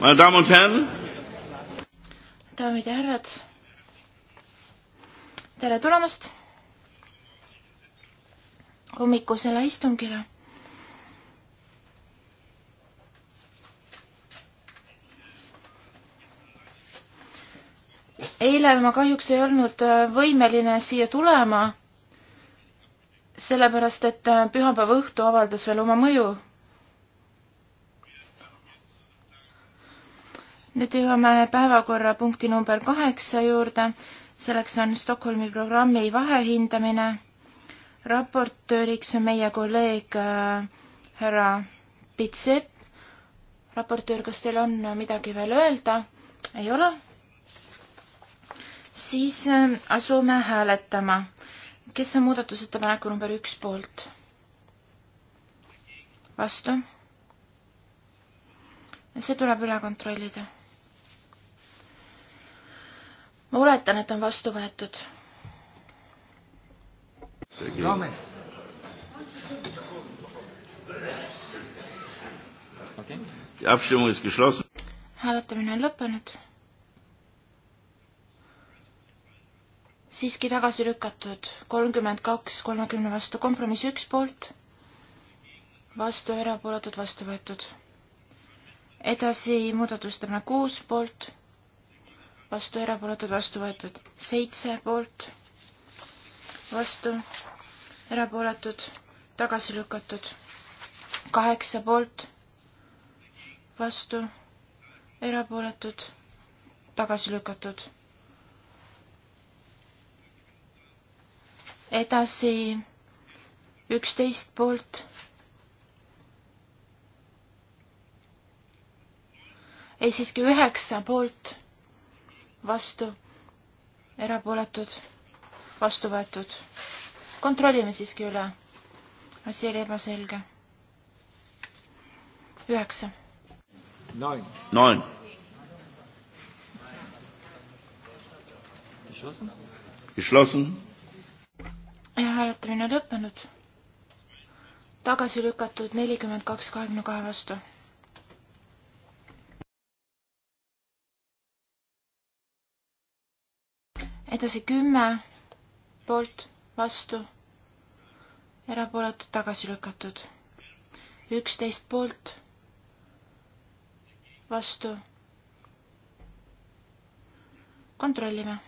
Meine Damen und Herren. daamid ja härrad, tere tulemast hommikusele istungile. eile ma kahjuks ei olnud äh, võimeline siia tulema, sellepärast et äh, pühapäeva õhtu avaldas veel oma mõju nüüd jõuame päevakorrapunkti number kaheksa juurde, selleks on Stockholmi programmi vahehindamine. raportööriks on meie kolleeg äh, härra Pitsep. raportöör, kas teil on äh, midagi veel öelda? ei ole? siis äh, asume hääletama. kes on muudatusettepaneku number üks poolt? vastu see tuleb üle kontrollida ma oletan, et on vastu võetud. hääletamine on lõppenud. siiski tagasi lükatud kolmkümmend kaks, kolmekümne vastu kompromiss üks poolt, vastu erapooletud, vastu võetud edasi muudatusettepanek kuus poolt, vastu erapooletud, vastu võetud seitse poolt, vastu erapooletud, tagasi lükatud kaheksa poolt, vastu erapooletud, tagasi lükatud. edasi üksteist poolt ei siiski üheksa poolt vastu, erapooletud, vastu võetud. kontrollime siiski üle. asi oli ebaselge. üheksa. Neun. Geschlossen. ja hääletamine on lõppenud. tagasi lükatud nelikümmend kaks kahekümne kahe vastu edasi kümme poolt, vastu, erapooletud, tagasi lükatud. üksteist poolt, vastu. kontrollime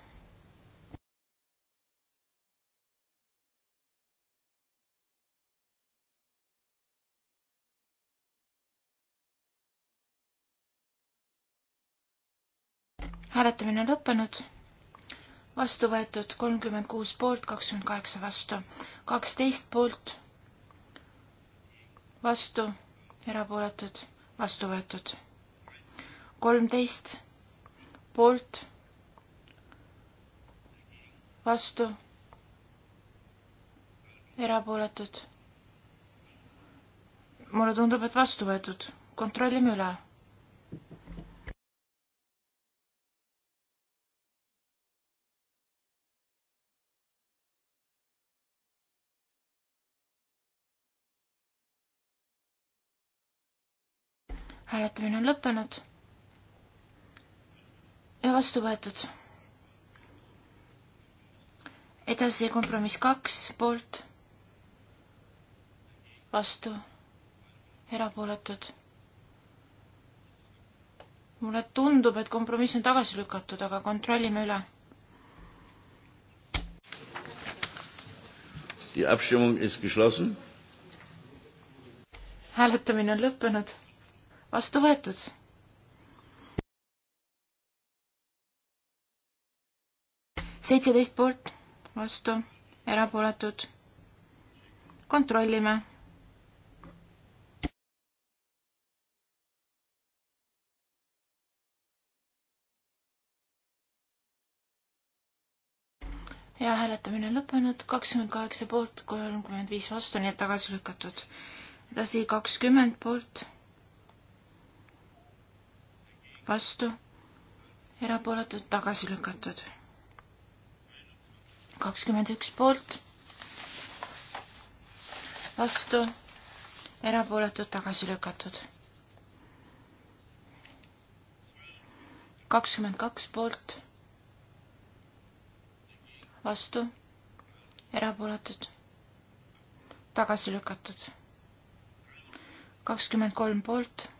hääletamine on lõppenud vastu võetud kolmkümmend kuus poolt, kakskümmend kaheksa vastu, kaksteist poolt, vastu, erapooletud, vastu võetud, kolmteist poolt, vastu, erapooletud. mulle tundub, et vastu võetud, kontrollime üle hääletamine on lõppenud ja vastu võetud. edasi kompromiss kaks poolt, vastu, erapooletud. mulle tundub, et kompromiss on tagasi lükatud, aga kontrollime üle. Die Abstimmung ist geschlossen. Hääletamine on lõppenud vastu võetud. seitseteist poolt, vastu, erapooletud. kontrollime. ja hääletamine on lõppenud, kakskümmend kaheksa poolt, kolmkümmend viis vastu, nii et tagasi lükatud. edasi kakskümmend poolt vastu, erapooletud, tagasi lükatud. kakskümmend üks poolt, vastu, erapooletud, tagasi lükatud. kakskümmend kaks poolt, vastu, erapooletud, tagasi lükatud. kakskümmend kolm poolt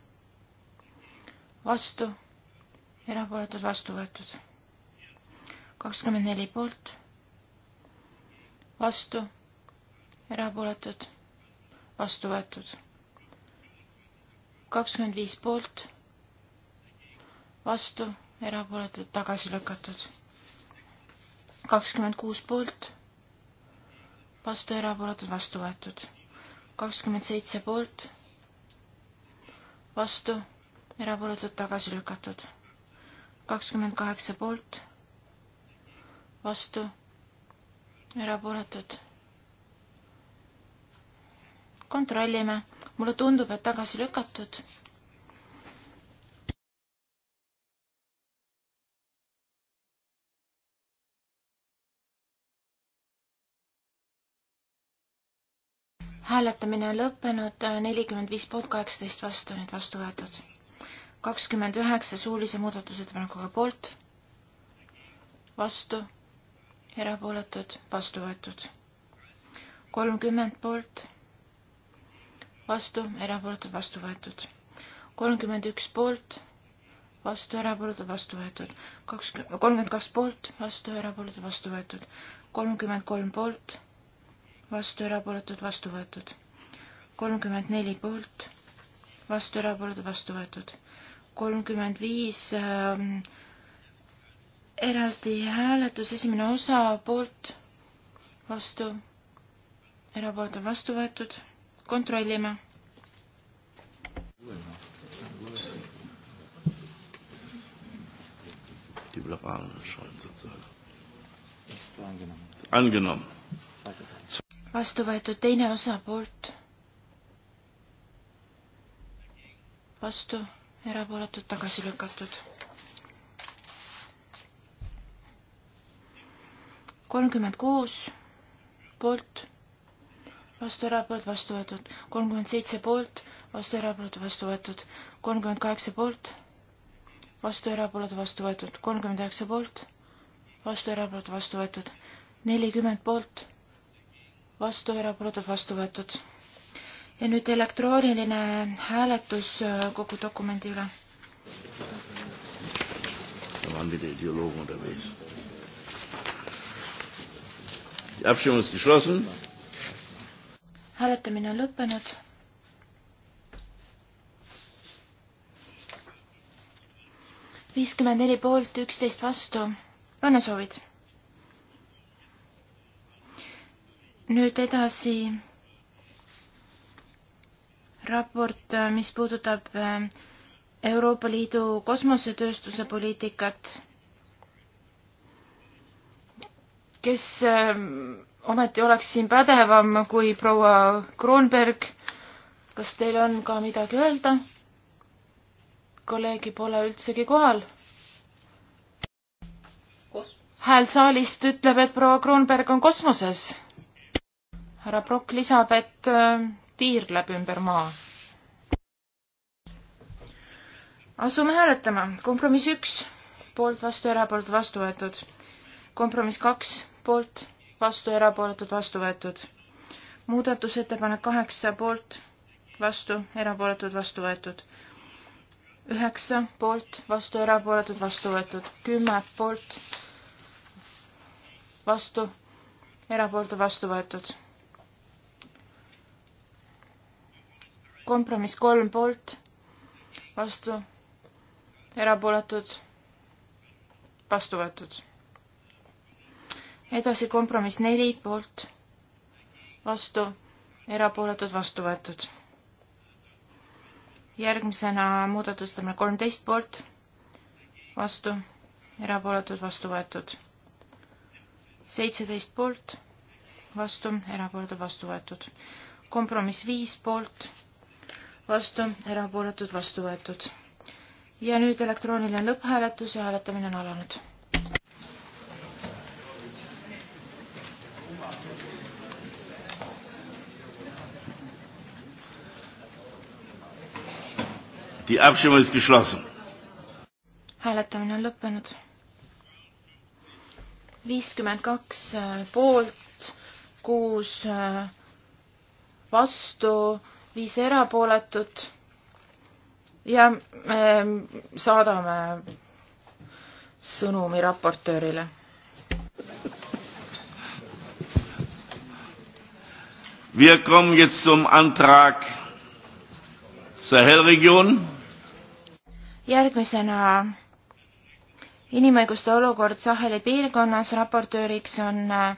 vastu, erapooletud vastu võetud. kakskümmend neli poolt, vastu, erapooletud, vastu võetud. kakskümmend viis poolt, vastu, erapooletud, tagasi lükatud. kakskümmend kuus poolt, vastu, erapooletud, vastu võetud. kakskümmend seitse poolt, vastu, erapooletud, tagasi lükatud kakskümmend kaheksa poolt, vastu, erapooletud. kontrollime, mulle tundub, et tagasi lükatud. hääletamine on lõppenud, nelikümmend viis poolt, kaheksateist vastu, nüüd vastu võetud kakskümmend üheksa suulise muudatusettepanekuga poolt, vastu, erapooletud, vastu võetud. kolmkümmend poolt, vastu, erapooletud, vastu võetud. kolmkümmend üks poolt, vastu, erapooletud, vastu võetud. kakskümmend, kolmkümmend kaks poolt, vastu, erapooletud, vastu võetud. kolmkümmend kolm poolt, vastu, erapooletud, vastu võetud. kolmkümmend neli poolt, vastu, erapooletud, vastu võetud kolmkümmend viis ähm, eraldi hääletus, esimene osa poolt, vastu, erapoolt on vastu võetud, kontrollime. vastu võetud teine osa poolt, vastu erapooletud tagasi lükatud. kolmkümmend kuus poolt, vastu erapoolt, vastu võetud, kolmkümmend seitse poolt, vastu erapoolt, vastu võetud, kolmkümmend kaheksa poolt, vastu erapoolt, vastu võetud, kolmkümmend üheksa poolt, vastu erapoolt, vastu võetud, nelikümmend poolt, vastu erapoolt, vastu võetud ja nüüd elektrooniline hääletus äh, kogu dokumendi üle. hääletamine on lõppenud. viiskümmend neli poolt, üksteist vastu. õnnesoovid. nüüd edasi raport, äh, mis puudutab äh, Euroopa Liidu kosmosetööstuse poliitikat, kes äh, ometi oleks siin pädevam kui proua Kroonberg. kas teil on ka midagi öelda? kolleegi pole üldsegi kohal. hääl saalist ütleb, et proua Kroonberg on kosmoses. härra Prokk lisab, et tiirleb ümber maa asume hääletama. kompromiss üks, poolt, vastu, erapooletud, vastu võetud. kompromiss kaks, poolt, vastu, erapooletud, vastu võetud. muudatusettepanek kaheksa, poolt, vastu, erapooletud, vastu võetud üheksa poolt, vastu erapooletud, vastu võetud kümme poolt, vastu, erapooletu, vastu võetud. kompromiss kolm poolt, vastu, erapooletud, vastu võetud. edasi kompromiss neli poolt, vastu, erapooletud, vastu võetud. järgmisena muudatustame kolmteist poolt, vastu, erapooletud, vastu võetud. seitseteist poolt, vastu, erapooletud, vastu võetud. kompromiss viis poolt, vastu, erapooletud, vastu võetud ja nüüd elektrooniline lõpphääletus ja hääletamine on alanud. Die Abstimmung ist geschlossen. Hääletamine on lõppenud. 52 äh, poolt, 6 äh, vastu, 5 erapooletut ja me ehm, saadame sõnumi raportöörile. Wir kommen jetzt zum Antrag Sahelregion. järgmisena inimõiguste olukord Saheli piirkonnas, raportööriks on äh,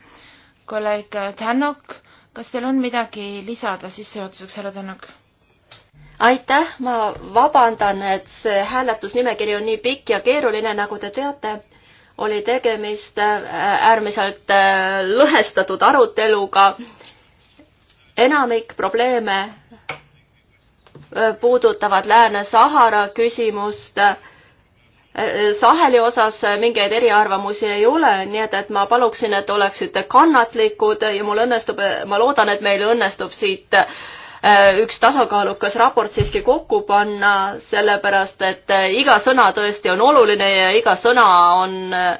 kolleeg Tänok. kas teil on midagi lisada sissejuhatuseks, härra Tänok? aitäh, ma vabandan, et see hääletusnimekiri on nii pikk ja keeruline, nagu te teate, oli tegemist äh, äärmiselt äh, lõhestatud aruteluga. enamik probleeme äh, puudutavad Lääne-Sahara küsimust. Saheli osas mingeid eriarvamusi ei ole, nii et, et ma paluksin, et oleksite kannatlikud ja mul õnnestub, ma loodan, et meil õnnestub siit äh, Äh, üks tasakaalukas raport siiski kokku panna, sellepärast et äh, iga sõna tõesti on oluline ja iga sõna on äh,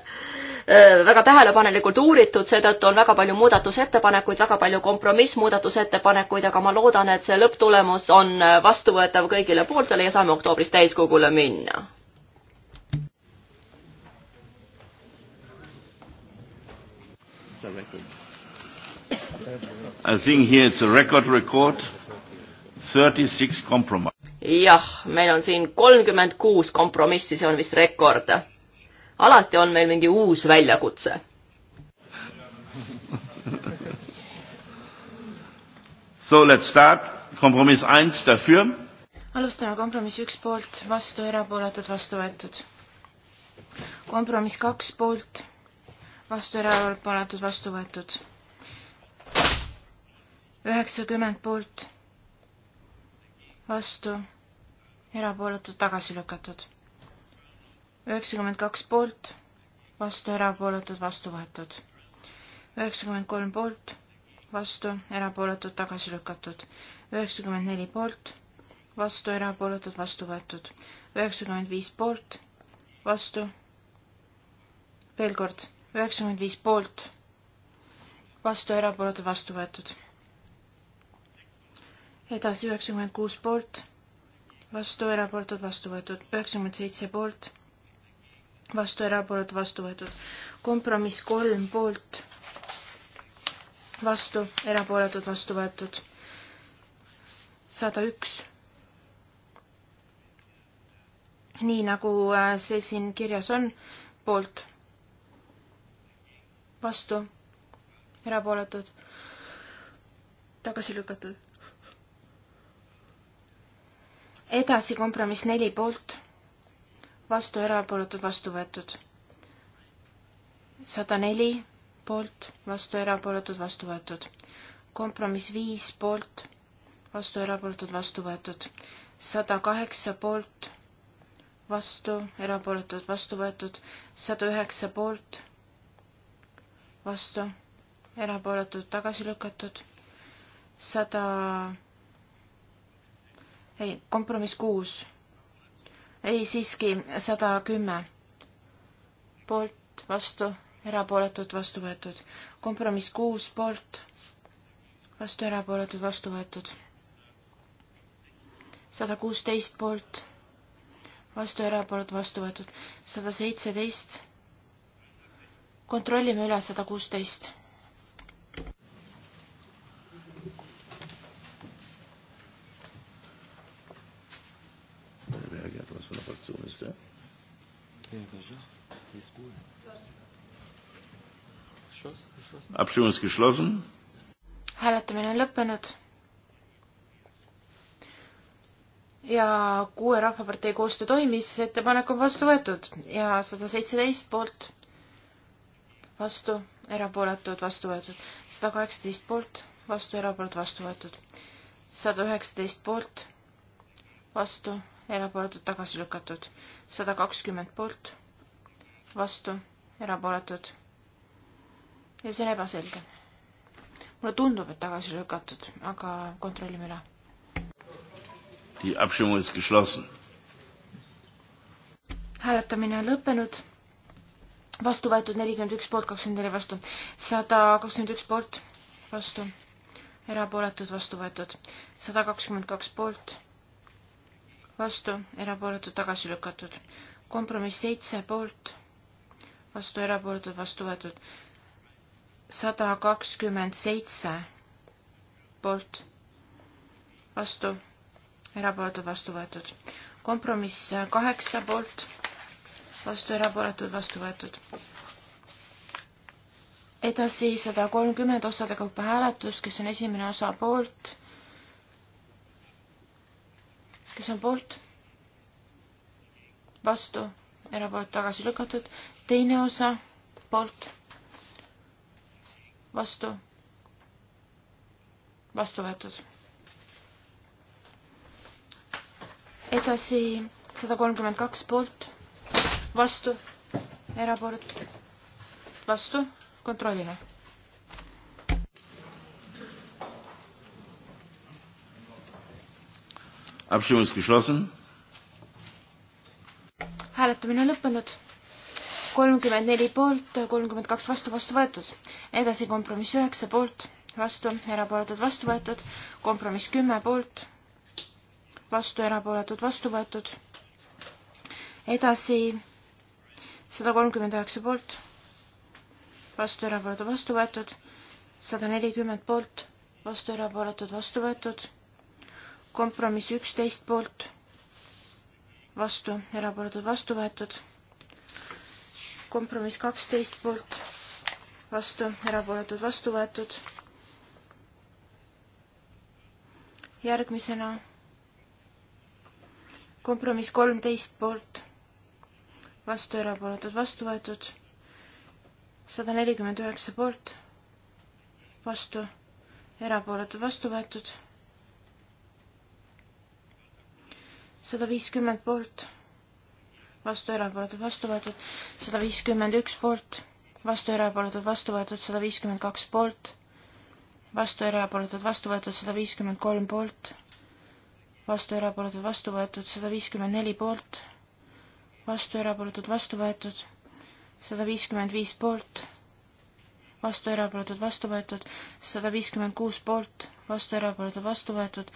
väga tähelepanelikult uuritud, seetõttu on väga palju muudatusettepanekuid, väga palju kompromissmuudatusettepanekuid, aga ma loodan, et see lõpptulemus on vastuvõetav kõigile pooltele ja saame oktoobris täiskogule minna. I think here it's a record record jah, meil on siin kolmkümmend kuus kompromissi, see on vist rekord. alati on meil mingi uus väljakutse So let's start. Kompromiss 1 dafür. Alustame kompromiss 1 poolt, vastu erapooletud, vastu võetud. Kompromiss 2 poolt, vastu erapooletud, vastu võetud. 90 poolt, vastu, erapooletud, tagasi lükatud. üheksakümmend kaks poolt, vastu, erapooletud, vastu võetud. üheksakümmend kolm poolt, vastu, erapooletud, tagasi lükatud. üheksakümmend neli poolt, vastu, erapooletud, vastu võetud. üheksakümmend viis poolt, vastu, veel kord, üheksakümmend viis poolt, vastu, erapooletud, vastu võetud edasi üheksakümmend kuus poolt, vastu erapooletud, vastu võetud, üheksakümmend seitse poolt, vastu erapooletud, vastu võetud, kompromiss kolm poolt, vastu erapooletud, vastu võetud, sada üks. nii nagu äh, see siin kirjas on, poolt, vastu, erapooletud, tagasi lükatud edasi kompromiss neli poolt, vastu erapooletud, vastu võetud. sada neli poolt, vastu erapooletud, vastu võetud. kompromiss viis poolt, vastu erapooletud, vastu võetud. sada kaheksa poolt, vastu erapooletud, vastu võetud. sada üheksa poolt, vastu erapooletud, tagasi lükatud. sada ei, kompromiss kuus. ei, siiski sada kümme. poolt, vastu, erapooletud, vastu võetud. kompromiss kuus poolt, vastu, erapooletud, vastu võetud. sada kuusteist poolt, vastu, erapooletud, vastu võetud. sada seitseteist. kontrollime üle sada kuusteist hääletamine on lõppenud. ja kuue Rahvapartei koostöö toimis, ettepanek on vastu võetud ja sada seitseteist poolt, vastu, erapooletud, vastu võetud, sada kaheksateist poolt, vastu, erapooletud, vastu võetud, sada üheksateist poolt, vastu, erapooletud, tagasi lükatud, sada kakskümmend poolt, vastu, erapooletud ja see on ebaselge. mulle tundub, et tagasi lükatud, aga kontrollime üle. Die Abstimmung ist geschlossen. hääletamine on lõppenud. vastu võetud nelikümmend üks poolt, kakskümmend neli vastu, sada kakskümmend üks poolt vastu, erapooletud vastu võetud, sada kakskümmend kaks poolt vastu, erapooletud tagasi lükatud, kompromiss seitse poolt vastu, erapooletud vastu võetud sada kakskümmend seitse poolt, vastu, erapooletud, vastu võetud. kompromiss kaheksa poolt, vastu, erapooletud, vastu võetud. edasi sada kolmkümmend osade kaupa hääletus, kes on esimene osa poolt, kes on poolt, vastu, erapooletud, tagasi lükatud, teine osa poolt vastu, vastu võetud. edasi sada kolmkümmend kaks poolt, vastu, erapoolt, vastu, kontrollime Abstimmung ist geschlossen. Hääletamine on lõppenud kolmkümmend neli poolt, kolmkümmend kaks vastu, vastu võetud. edasi kompromiss üheksa poolt, vastu, erapooletud, vastu võetud. kompromiss kümme poolt, vastu, erapooletud, vastu võetud. edasi sada kolmkümmend üheksa poolt, vastu, erapooletud, vastu võetud. sada nelikümmend poolt, vastu, erapooletud, vastu võetud. kompromiss üksteist poolt, vastu, erapooletud, vastu võetud kompromiss kaksteist poolt, vastu, erapooletud, vastu võetud. järgmisena kompromiss kolmteist poolt, vastu, erapooletud, vastu võetud. sada nelikümmend üheksa poolt, vastu, erapooletud, vastu võetud sada viiskümmend poolt vastu erapooletud, vastu võetud sada viiskümmend üks poolt, vastu erapooletud, vastu võetud sada viiskümmend kaks poolt, vastu erapooletud, vastu võetud sada viiskümmend kolm poolt, vastu erapooletud, vastu võetud sada viiskümmend neli poolt, vastu erapooletud, vastu võetud sada viiskümmend viis poolt, vastu erapooletud, vastu võetud sada viiskümmend kuus poolt, vastu erapooletud, vastu võetud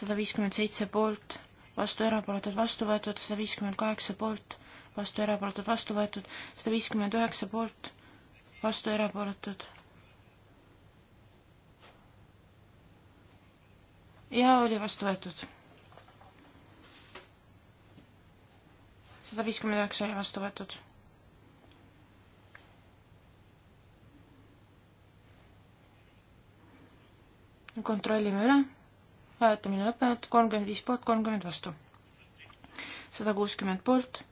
sada viiskümmend seitse poolt vastu erapooletud vastu võetud, sada viiskümmend kaheksa poolt, vastu erapooletud vastu võetud, sada viiskümmend üheksa poolt, vastu erapooletud. ja oli vastu võetud. sada viiskümmend üheksa oli vastu võetud kontrollime üle hääletamine lõppenud, kolmkümmend viis poolt, kolmkümmend vastu. sada kuuskümmend poolt,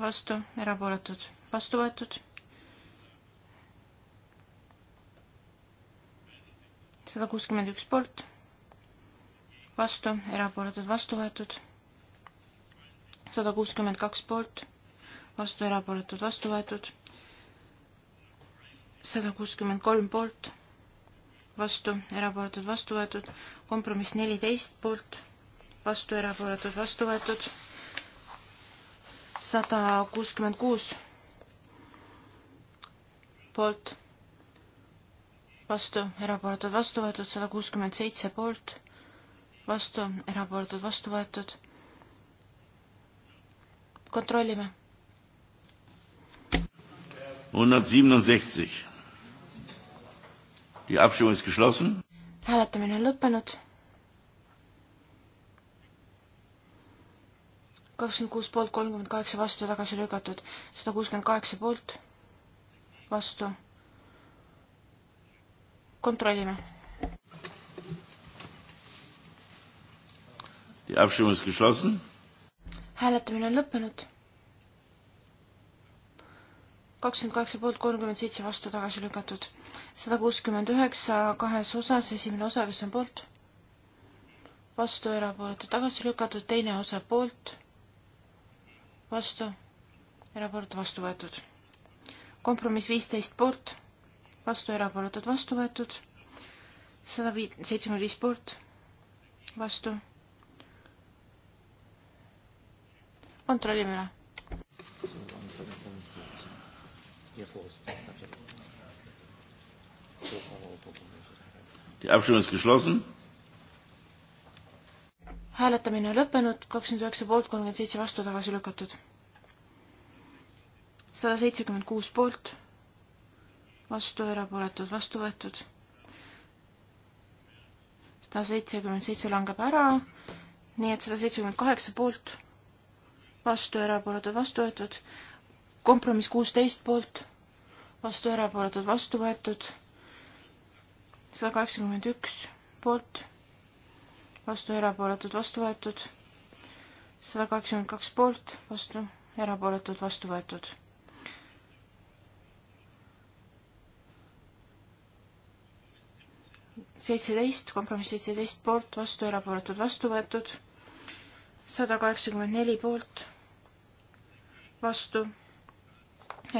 vastu, erapooletud, vastu võetud. sada kuuskümmend üks poolt, vastu, erapooletud, vastu võetud. sada kuuskümmend kaks poolt, vastu, erapooletud, vastu võetud sada kuuskümmend kolm poolt, vastu, erapooletud, vastu võetud, kompromiss neliteist poolt, vastu, erapooletud, vastu võetud, sada kuuskümmend kuus poolt, vastu, erapooletud, vastu võetud, sada kuuskümmend seitse poolt, vastu, erapooletud, vastu võetud. kontrollime. 167 Die Abstimmung ist geschlossen. hääletamine on lõppenud. kakskümmend kuus poolt, kolmkümmend kaheksa vastu, tagasi lükatud, sada kuuskümmend kaheksa poolt, vastu. kontrollime. Die Abstimmung ist geschlossen. hääletamine on lõppenud kakskümmend kaheksa poolt kolmkümmend seitse vastu tagasi lükatud sada kuuskümmend üheksa kahes osas, esimene osa, kes on poolt? vastu, erapooletu, tagasi lükatud, teine osa poolt, vastu, erapooletu, vastu võetud. kompromiss viisteist poolt, vastu, erapooletud, vastu võetud, sada viit-, seitsekümmend viis poolt, vastu. kontrollime üle. ja koos. Die Abstimmung ist geschlossen. hääletamine on lõppenud, kakskümmend üheksa poolt, kolmkümmend seitse vastu, tagasi lükatud. sada seitsekümmend kuus poolt, vastu, erapooletud, vastu võetud. sada seitsekümmend seitse langeb ära, nii et sada seitsekümmend kaheksa poolt, vastu, erapooletud, vastu võetud. kompromiss kuusteist poolt, vastu, erapooletud, vastu võetud sada kaheksakümmend üks poolt, vastu erapooletud, vastu võetud, sada kaheksakümmend kaks poolt, vastu erapooletud, vastu võetud. seitseteist, kompromiss seitseteist poolt, vastu erapooletud, vastu võetud, sada kaheksakümmend neli poolt, vastu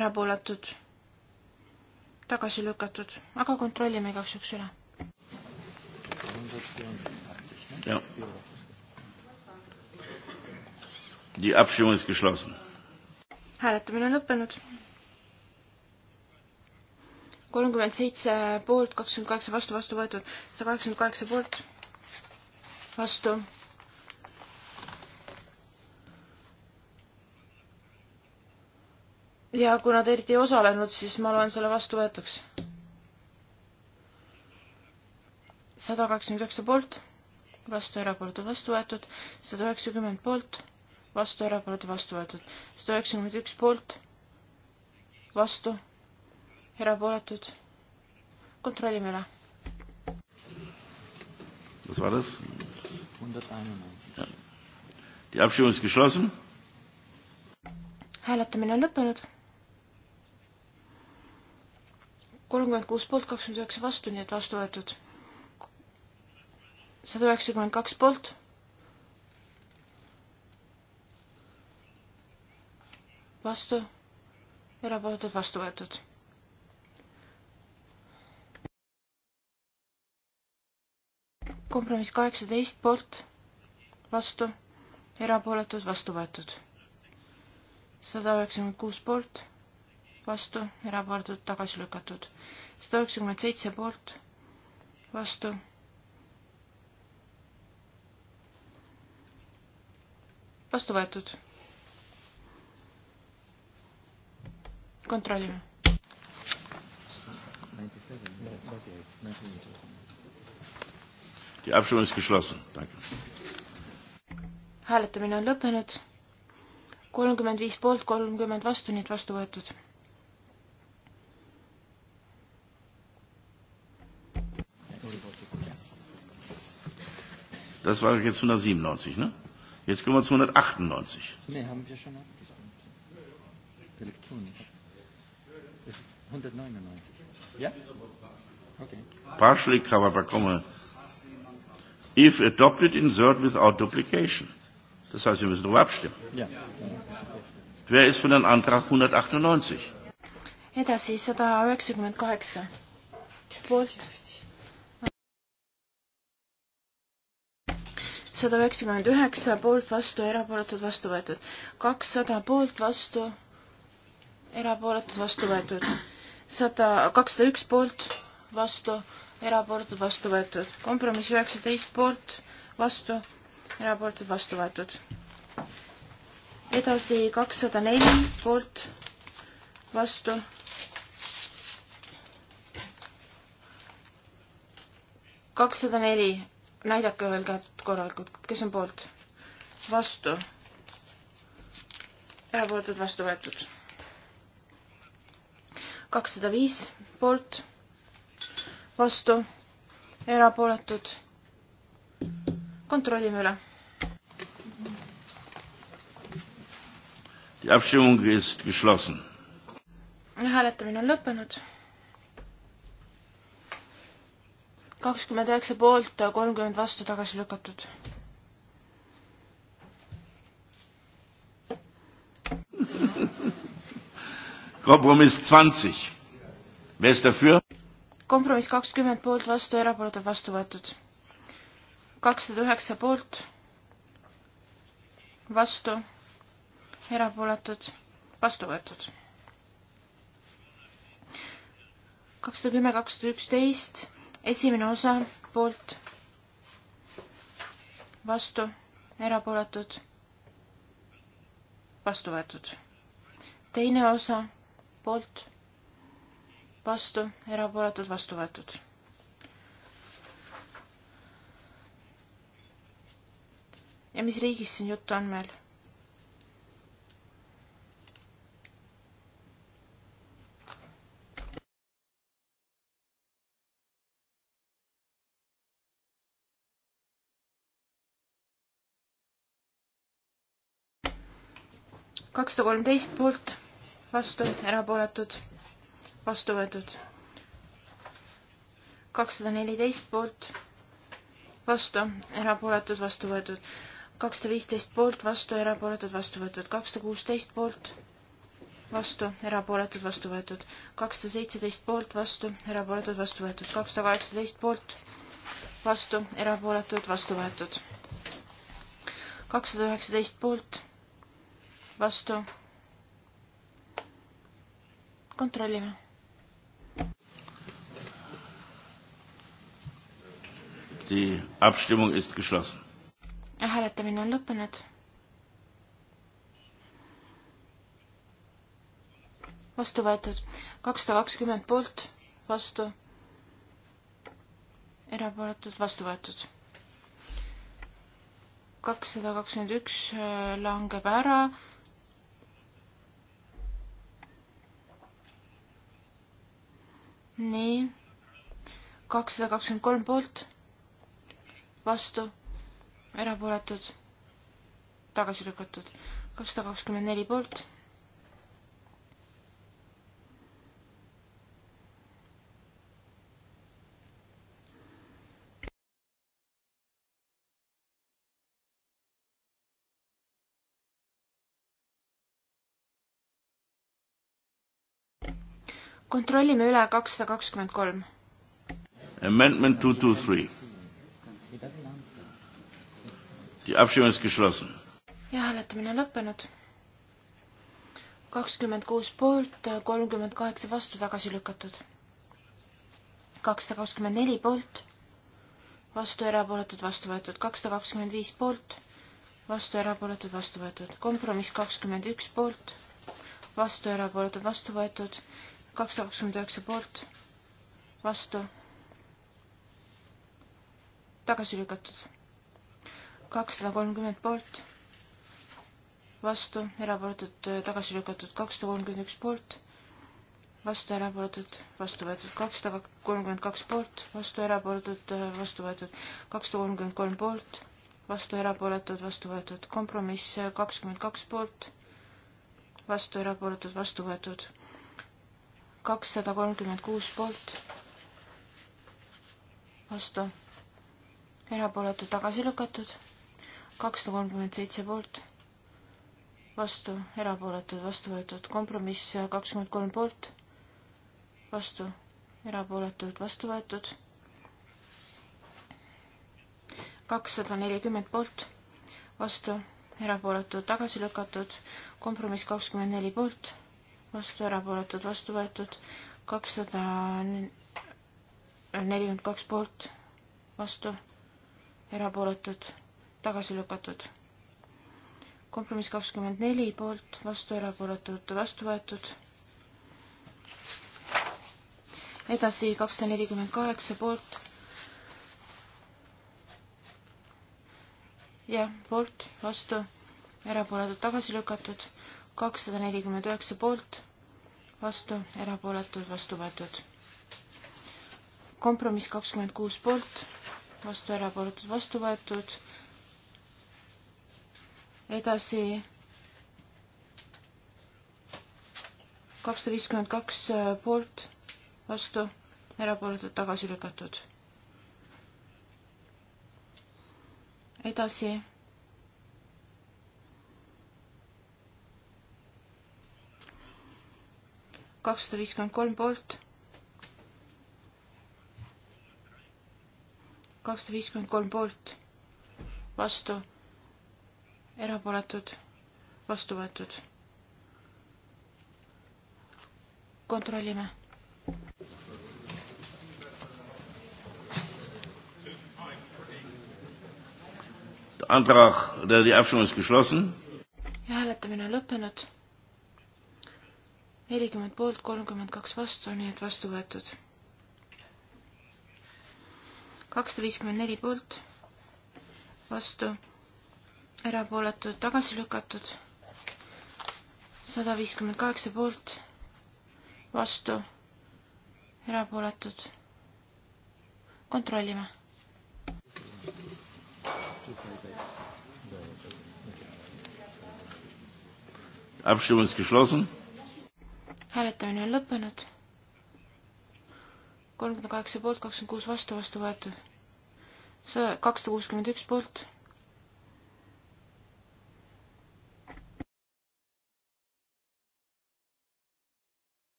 erapooletud tagasi lükatud, aga kontrollime igaks juhuks üle. Ja. Die Abstimmung ist geschlossen. hääletamine on lõppenud. kolmkümmend seitse poolt, kakskümmend kaheksa vastu, vastu võetud, sada kaheksakümmend kaheksa poolt, vastu ja kui nad eriti ei osalenud, siis ma loen selle vastuvõetuks. sada kakskümmend üheksa poolt, vastu erapooletu vastu võetud, sada üheksakümmend poolt, vastu erapooletu vastu võetud, sada üheksakümmend üks poolt, vastu, erapooletud. kontrollime üle. Was war das? 191. Ja. Die Abstimmung ist geschlossen hääletamine on lõppenud kolmkümmend kuus poolt, kakskümmend üheksa vastu, nii et vastu võetud. sada üheksakümmend kaks poolt. vastu, erapooletud, vastu võetud. kompromiss kaheksateist poolt, vastu, erapooletud, vastu võetud. sada üheksakümmend kuus poolt vastu, erapooletud, tagasi lükatud. sada üheksakümmend seitse poolt, vastu. vastu võetud. kontrollime. Die Abstimmung ist geschlossen. Danke. Hääletamine on lõppenud. kolmkümmend viis poolt, kolmkümmend vastu, nii et vastu võetud Das war jetzt 197, ne? Jetzt kommen wir zu 198. Nee, haben wir schon abgesagt. Elektronisch. Das ist 199. Ja? Okay. Partially covered by common. If adopted, insert without duplication. Das heißt, wir müssen darüber abstimmen. Ja. Wer ist für den Antrag 198? Edasi 198. Poolt sada üheksakümmend üheksa poolt, vastu, erapooletud, vastu võetud. kakssada poolt, vastu, erapooletud, vastu võetud. sada, kakssada üks poolt, vastu, erapooletud, vastu võetud. kompromiss üheksateist poolt, vastu, erapooletud, vastu võetud. edasi kakssada neli poolt, vastu, kakssada neli näidake veel kätt korralikult, kes on poolt? vastu. erapooletud vastu võetud. kakssada viis poolt, vastu, erapooletud. kontrollime üle. Die Abstimmung ist geschlossen. Hääletamine on lõppenud kakskümmend üheksa poolt, kolmkümmend vastu tagasi lükatud. kompromiss kakskümmend, kes dafür? kompromiss kakskümmend poolt vastu, erapooletud vastu võetud. kakssada üheksa poolt, vastu, erapooletud, vastu võetud. kakssada kümme, kakssada üksteist esimene osa poolt, vastu, erapooletud, vastu võetud. teine osa poolt, vastu, erapooletud, vastu võetud. ja mis riigist siin juttu on meil? kakssada kolmteist poolt, vastu, erapooletud, vastu võetud. kakssada neliteist poolt, vastu, erapooletud, vastu võetud. kakssada viisteist poolt, vastu, erapooletud, vastu võetud. kakssada kuusteist poolt, vastu, erapooletud, vastu võetud. kakssada seitseteist poolt, vastu, erapooletud, vastu võetud. kakssada kaheksateist poolt, vastu, erapooletud, vastu võetud. kakssada üheksateist poolt vastu. kontrollime. Die Abstimmung ist geschlossen. hääletamine on lõppenud. vastu võetud kakssada kakskümmend poolt, vastu, erapooletud, vastu võetud kakssada kakskümmend üks äh, langeb ära, nii, kakssada kakskümmend kolm poolt, vastu, erapooletud, tagasi lükatud, kakssada kakskümmend neli poolt kontrollime üle kakssada kakskümmend kolm. Amendment two two three. Die Abstimmung ist geschlossen. ja hääletamine on lõppenud. kakskümmend kuus poolt, kolmkümmend kaheksa vastu tagasi lükatud. kakssada kakskümmend neli poolt, vastu erapooletud, vastu võetud, kakssada kakskümmend viis poolt, vastu erapooletud, vastu võetud, kompromiss kakskümmend üks poolt, vastu erapooletud, vastu võetud kakssada kakskümmend üheksa poolt, vastu, tagasi lükatud. kakssada kolmkümmend poolt, vastu, erapooletud, tagasi lükatud, kakssada kolmkümmend üks poolt, vastu, erapooletud, vastu võetud, kakssada kolmkümmend kaks poolt, vastu, erapooletud, vastu võetud, kakssada kolmkümmend kolm poolt, vastu, erapooletud, vastu võetud, kompromiss kakskümmend kaks poolt, vastu, erapooletud, vastu võetud kakssada kolmkümmend kuus poolt, vastu, erapooletu tagasi lükatud, kakssada kolmkümmend seitse poolt, vastu, erapooletud, vastu võetud, kompromiss kakskümmend kolm poolt, vastu, erapooletud, vastu võetud, kakssada nelikümmend poolt, vastu, erapooletud, tagasi lükatud, kompromiss kakskümmend neli poolt vastu, erapooletud, vastu võetud, kakssada nelikümmend kaks poolt, vastu, erapooletud, tagasi lükatud. kompromiss kakskümmend neli poolt, vastu, erapooletud, vastu võetud. edasi kakssada nelikümmend kaheksa poolt. jah, poolt, vastu, erapooletud, tagasi lükatud kakssada nelikümmend üheksa poolt, vastu, erapooletud, vastu võetud. kompromiss kakskümmend kuus poolt, vastu, erapooletud, vastu võetud. edasi kakssada viiskümmend kaks äh, poolt, vastu, erapooletud, tagasi lükatud. edasi kakssada viiskümmend kolm poolt, kakssada viiskümmend kolm poolt, vastu, erapooletud, vastu võetud. kontrollime Antrag, der die Abstimmung ist geschlossen. Ja, hääletamine on lõppenud nelikümmend poolt, kolmkümmend kaks vastu, nii et vastu võetud. kakssada viiskümmend neli poolt, vastu, erapooletud, tagasi lükatud. sada viiskümmend kaheksa poolt, vastu, erapooletud. kontrollime Abstimmung ist geschlossen hääletamine on lõppenud. kolmkümmend kaheksa poolt, kakskümmend kuus vastu, vastu võetud. sada, kakssada kuuskümmend üks poolt.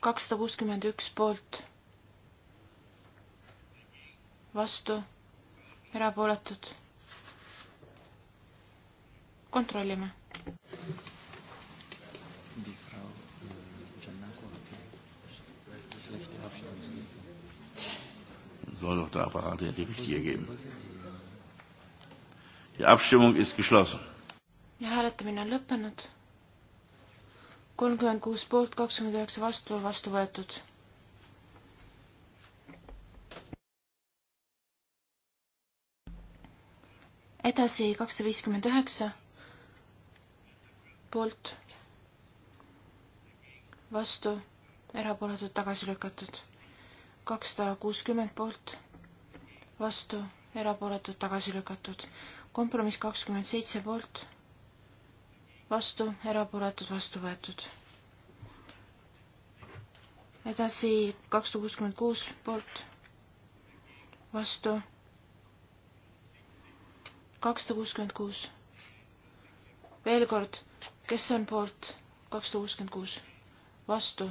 kakssada kuuskümmend üks poolt. vastu, erapooletud. kontrollime soll doch der Apparat ja die Richtlinie geben. Die Abstimmung ist geschlossen. ja hääletamine on lõppenud. kolmkümmend kuus poolt, kakskümmend üheksa vastu, vastu võetud. edasi kakssada viiskümmend üheksa poolt, vastu, erapooletud, tagasi lükatud kakssada kuuskümmend poolt, vastu, erapooletud, tagasi lükatud. kompromiss kakskümmend seitse poolt, vastu, erapooletud, vastu võetud. edasi kakssada kuuskümmend kuus poolt, vastu, kakssada kuuskümmend kuus. veel kord, kes on poolt, kakssada kuuskümmend kuus, vastu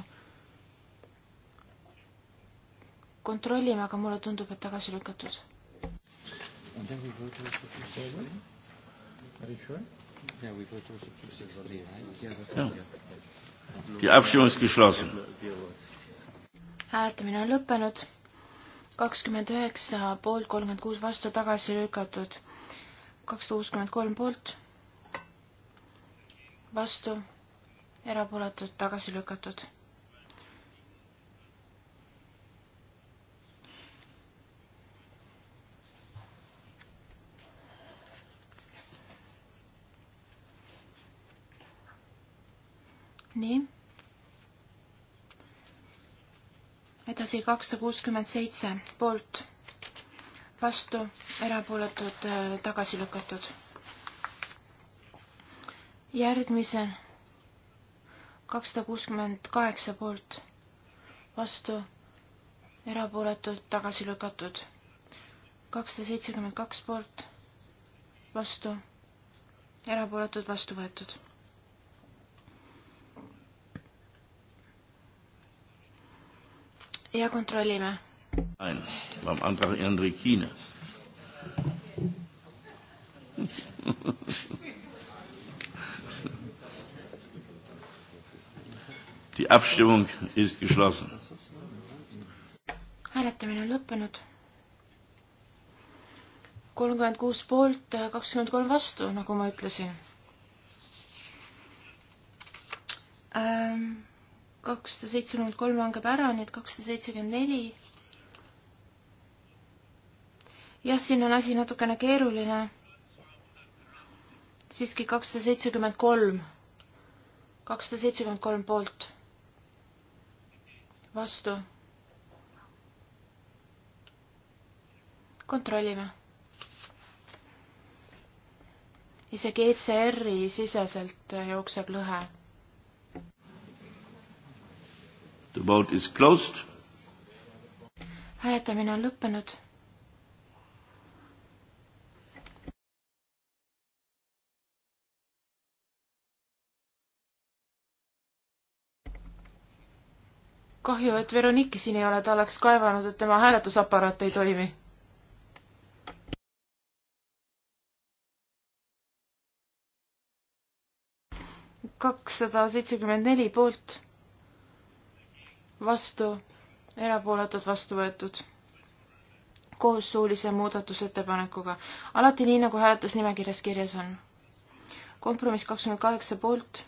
kontrollime, aga mulle tundub, et tagasi lükatud. hääletamine on lõppenud. kakskümmend üheksa poolt, kolmkümmend kuus vastu, tagasi lükatud. kakssada kuuskümmend kolm poolt, vastu, erapooletud, tagasi lükatud nii. edasi kakssada kuuskümmend seitse poolt, vastu, erapooletud, äh, tagasi lükatud. järgmisel kakssada kuuskümmend kaheksa poolt, vastu, erapooletud, tagasi lükatud. kakssada seitsekümmend kaks poolt, vastu, erapooletud, vastu võetud ja kontrollime. Antrag Andrikine. Die Abstimmung ist geschlossen. hääletamine on lõppenud. kolmkümmend kuus poolt, kakskümmend kolm vastu, nagu ma ütlesin kakssada seitsekümmend kolm langeb ära, nii et kakssada seitsekümmend neli. jah, siin on asi natukene keeruline. siiski kakssada seitsekümmend kolm, kakssada seitsekümmend kolm poolt, vastu. kontrollime. isegi ECR-i siseselt jookseb lõhe The vote is closed. hääletamine on lõppenud. kahju, et Veroniki siin ei ole, ta oleks kaevanud, et tema hääletusaparaat ei toimi kakssada seitsekümmend neli poolt vastu, erapooletud, vastu võetud. koos suulise muudatusettepanekuga, alati nii, nagu hääletusnimekirjas kirjas on. kompromiss kakskümmend kaheksa poolt,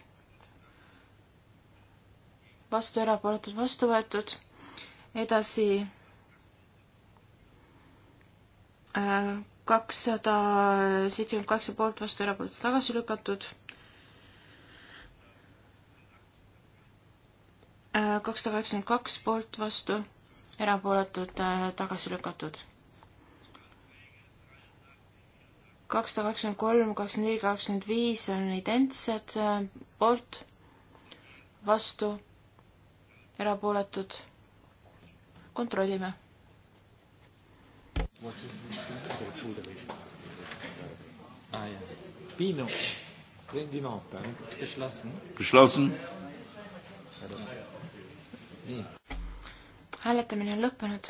vastu, erapooletud, vastu võetud, edasi äh, kakssada seitsekümmend kaheksa poolt, vastu, erapooletud, tagasi lükatud kakssada kaheksakümmend kaks poolt vastu, erapooletud äh, tagasi lükatud. kakssada kakskümmend kolm, kakskümmend neli, kakskümmend viis on identsed äh, poolt, vastu, erapooletud. kontrollime Ah, ja. Pino, prendi nota. Eh? Geschlossen. Geschlossen. Ja, hääletamine on lõppenud.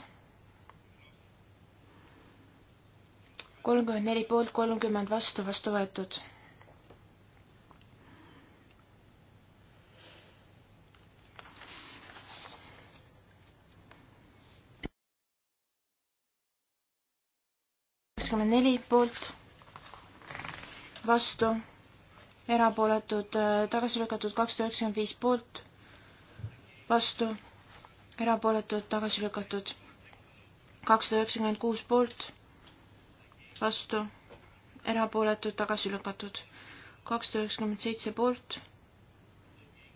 kolmkümmend neli poolt, kolmkümmend vastu, vastu võetud. kakskümmend neli poolt, vastu, erapooletud, tagasi lükatud kakssada üheksakümmend viis poolt vastu, erapooletud, tagasi lükatud. kakssada üheksakümmend kuus poolt, vastu, erapooletud, tagasi lükatud. kakssada üheksakümmend seitse poolt,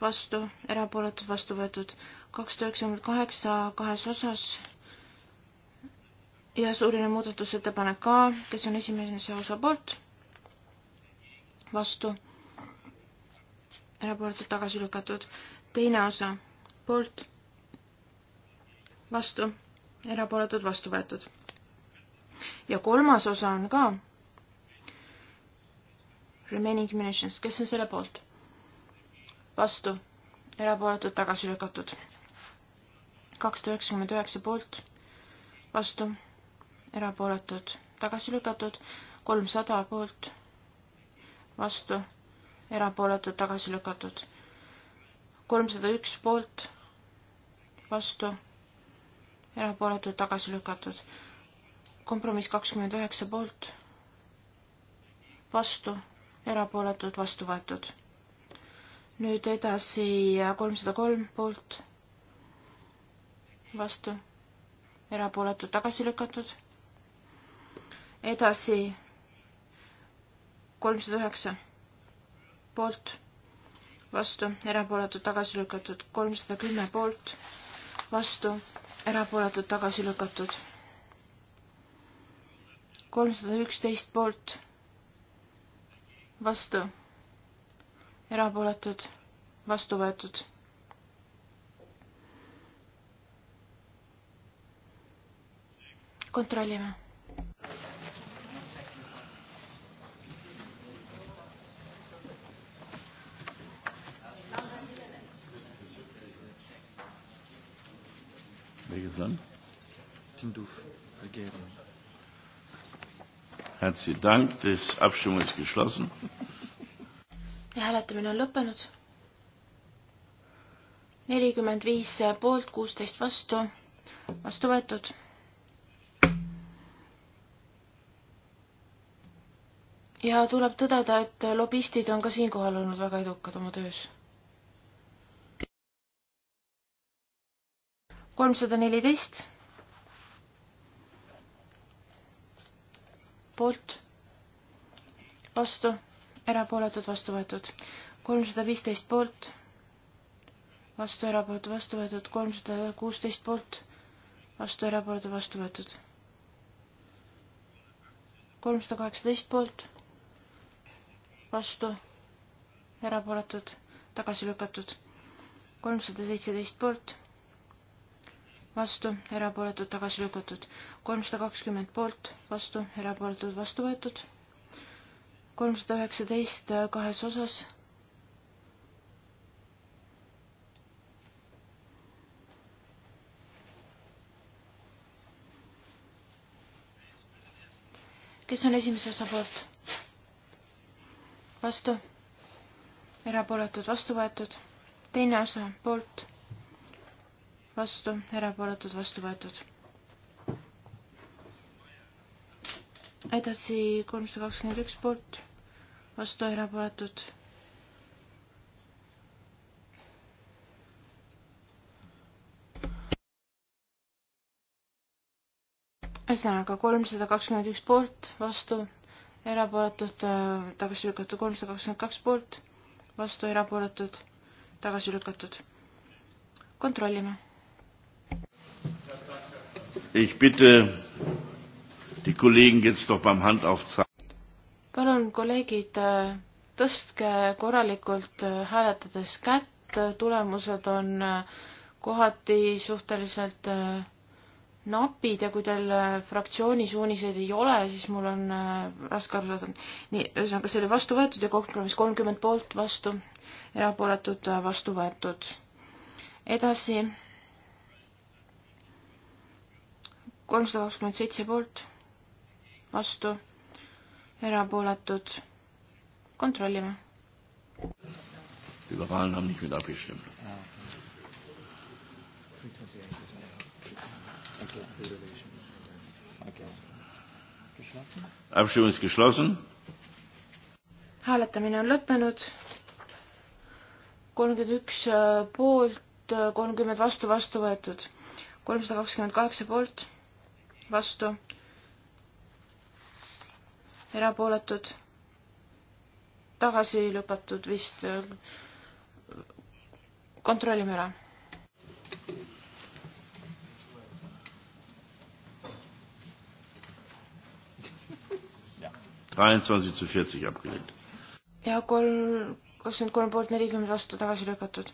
vastu, erapooletud, vastu võetud. kakssada üheksakümmend kaheksa kahes osas ja suurine muudatusettepanek ka, kes on esimese osa poolt, vastu, erapooletud, tagasi lükatud. teine osa poolt, vastu, erapooletud, vastu võetud. ja kolmas osa on ka remaining munitions, kes on selle poolt? vastu, erapooletud, tagasi lükatud. kakssada üheksakümmend üheksa poolt, vastu, erapooletud, tagasi lükatud, kolmsada poolt, vastu, erapooletud, tagasi lükatud kolmsada üks poolt, vastu, erapooletud, tagasi lükatud. kompromiss kakskümmend üheksa poolt, vastu, erapooletud, vastu võetud. nüüd edasi kolmsada kolm poolt, vastu, erapooletud, tagasi lükatud. edasi kolmsada üheksa poolt vastu, erapooletud tagasi lükatud kolmsada kümme poolt, vastu, erapooletud tagasi lükatud. kolmsada üksteist poolt, vastu, erapooletud, vastu võetud. kontrollime Herzlichen Dank. Die Abstimmung ist geschlossen. ja hääletamine on lõppenud. nelikümmend viis poolt, kuusteist vastu, vastu võetud. ja tuleb tõdeda, et lobistid on ka siinkohal olnud väga edukad oma töös. kolmsada neliteist poolt, vastu, erapooletud, vastu võetud. kolmsada viisteist poolt, vastu, erapooletu, vastu võetud. kolmsada kuusteist poolt, vastu, erapooletu, vastu võetud. kolmsada kaheksateist poolt, vastu, erapooletud, tagasi lükatud. kolmsada seitseteist poolt vastu, erapooletud, tagasi lükatud. kolmsada kakskümmend poolt, vastu, erapooletud, vastu võetud. kolmsada üheksateist äh, kahes osas. kes on esimese osa poolt? vastu, erapooletud, vastu võetud. teine osa poolt vastu, erapooletud, vastu võetud. edasi kolmsada kakskümmend üks poolt, vastu, erapooletud. ühesõnaga kolmsada kakskümmend üks poolt, vastu, erapooletud, tagasi lükatud kolmsada kakskümmend kaks poolt, vastu, erapooletud, tagasi lükatud. kontrollime Ich bitte die Kollegen jetzt doch beim Handaufzeigen. palun, kolleegid, tõstke korralikult hääletades kätt, tulemused on kohati suhteliselt napid ja kui teil fraktsiooni suuniseid ei ole, siis mul on raske aru saada. nii, ühesõnaga see oli vastu võetud ja kompromiss kolmkümmend poolt vastu, erapooletud vastu võetud. edasi kolmsada kakskümmend seitse poolt, vastu, erapooletud. kontrollime. Liberalen haben nicht mit abgestimmt. Abstimmung ist geschlossen. hääletamine on lõppenud. kolmkümmend üks äh, poolt, äh, kolmkümmend vastu, vastu võetud. kolmsada kakskümmend kaheksa poolt vastu, erapooletud, tagasi lükatud vist. kontrollime üle. ja kolm, kakskümmend kolm poolt, nelikümmend vastu tagasi lükatud.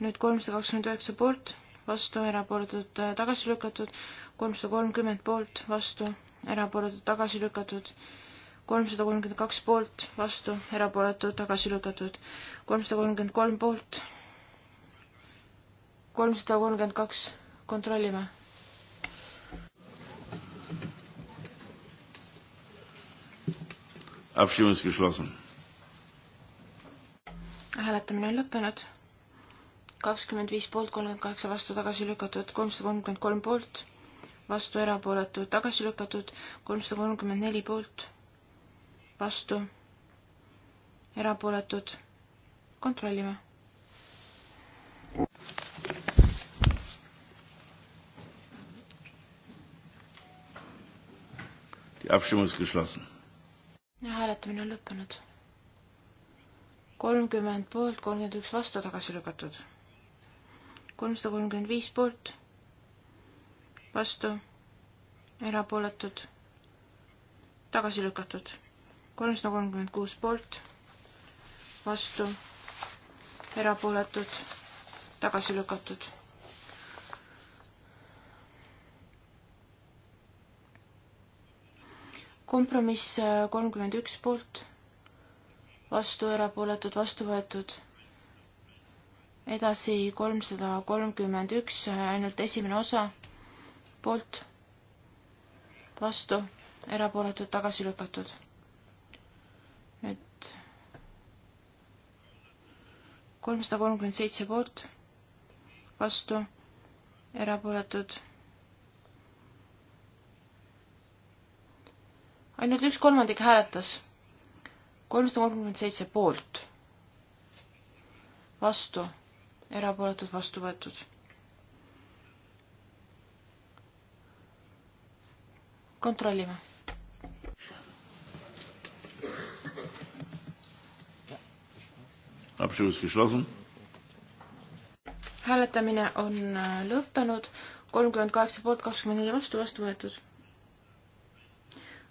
nüüd kolmsada kakskümmend üheksa poolt vastu, erapooletud, äh, tagasi lükatud, kolmsada kolmkümmend poolt, vastu, erapooletud, tagasi lükatud, kolmsada kolmkümmend kaks poolt, vastu, erapooletud, tagasi lükatud, kolmsada kolmkümmend kolm poolt, kolmsada kolmkümmend kaks, kontrollime. Abstimmung ist geschlossen. hääletamine on lõppenud kakskümmend viis poolt, kolmkümmend kaheksa vastu, tagasi lükatud, kolmsada kolmkümmend kolm poolt, vastu erapooletud, tagasi lükatud, kolmsada kolmkümmend neli poolt, vastu, erapooletud, kontrollime. ja hääletamine on lõppenud kolmkümmend poolt, kolmkümmend üks vastu tagasi lükatud kolmsada kolmkümmend viis poolt, vastu, erapooletud, tagasi lükatud. kolmsada kolmkümmend kuus poolt, vastu, erapooletud, tagasi lükatud. kompromiss kolmkümmend üks poolt, vastu, erapooletud, vastu võetud edasi kolmsada kolmkümmend üks, ainult esimene osa, poolt, vastu, erapooletud, tagasi lükatud. nüüd kolmsada kolmkümmend seitse poolt, vastu, erapooletud. ainult üks kolmandik hääletas, kolmsada kolmkümmend seitse poolt, vastu erapooletud, vastu võetud. kontrollime. hääletamine on äh, lõppenud, kolmkümmend kaheksa poolt, kakskümmend neli vastu, vastu võetud.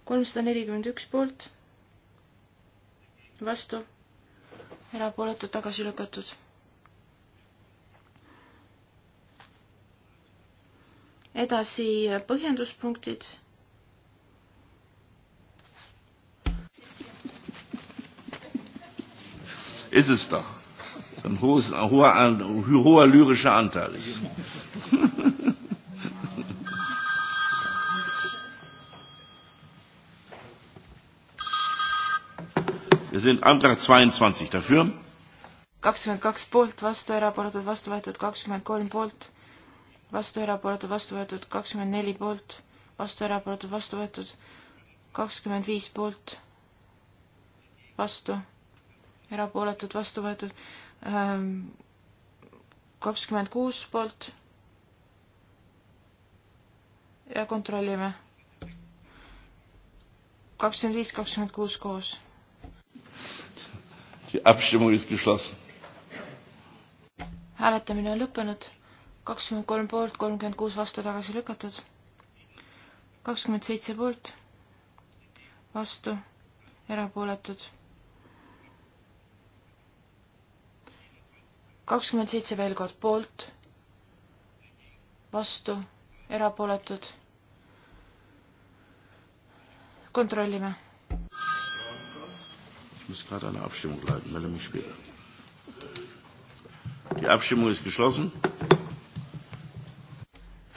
kolmsada nelikümmend üks poolt, vastu, erapooletud, tagasi lükatud edasi põhjenduspunktid. Ist es doch. Ein, hohes, ein hoher, ein hoher lyrischer Anteil ist. Wir sind Antrag 22 dafür. 22 poolt, vastu erapooletud, vastu võetud 23 poolt vastu erapooletud, vastu võetud kakskümmend neli poolt, vastu erapooletud, vastu võetud kakskümmend viis poolt, vastu erapooletud, vastu võetud ähm, kakskümmend kuus poolt. ja kontrollime. kakskümmend viis, kakskümmend kuus koos. hääletamine on lõppenud kakskümmend kolm poolt, kolmkümmend kuus vastu tagasi lükatud. kakskümmend seitse poolt, vastu, erapooletud. kakskümmend seitse veel kord poolt, vastu, erapooletud. kontrollime Ich muss gerade an der Abstimmung bleiben, weil er mich später. Die Abstimmung ist geschlossen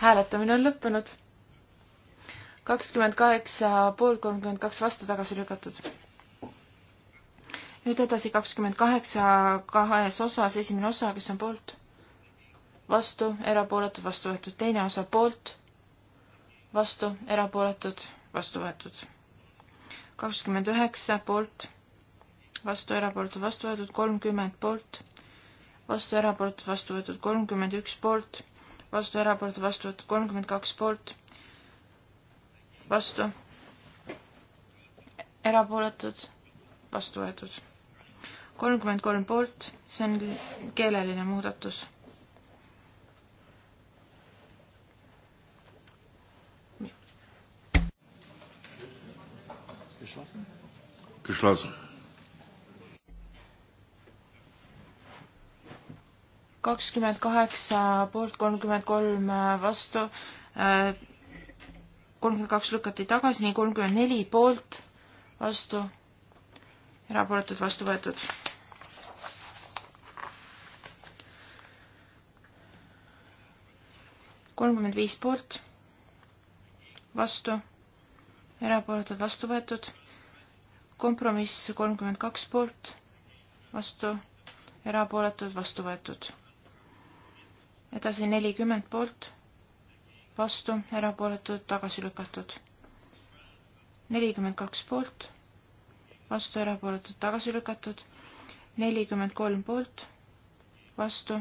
hääletamine on lõppenud. kakskümmend kaheksa poolt, kolmkümmend kaks vastu tagasi lükatud. nüüd edasi kakskümmend kaheksa kahes osas, esimene osa, kes on poolt? vastu, erapooletud, vastu võetud, teine osa poolt, vastu, erapooletud, vastu võetud. kakskümmend üheksa poolt, vastu, erapooletud, vastu võetud, kolmkümmend poolt, vastu, erapooletud, vastu võetud, kolmkümmend üks poolt vastu, erapooletu vastu võetud kolmkümmend kaks poolt, vastu, erapooletud, vastu võetud. kolmkümmend kolm poolt, see on keeleline muudatus. geschlossen. kakskümmend kaheksa poolt, kolmkümmend kolm vastu, äh, kolmkümmend kaks lükati tagasi, nii kolmkümmend neli poolt, vastu, erapooletud, vastu võetud. kolmkümmend viis poolt, vastu, erapooletud, vastu võetud, kompromiss kolmkümmend kaks poolt, vastu, erapooletud, vastu võetud edasi nelikümmend poolt, vastu, erapooletud, tagasi lükatud. nelikümmend kaks poolt, vastu, erapooletud, tagasi lükatud. nelikümmend kolm poolt, vastu,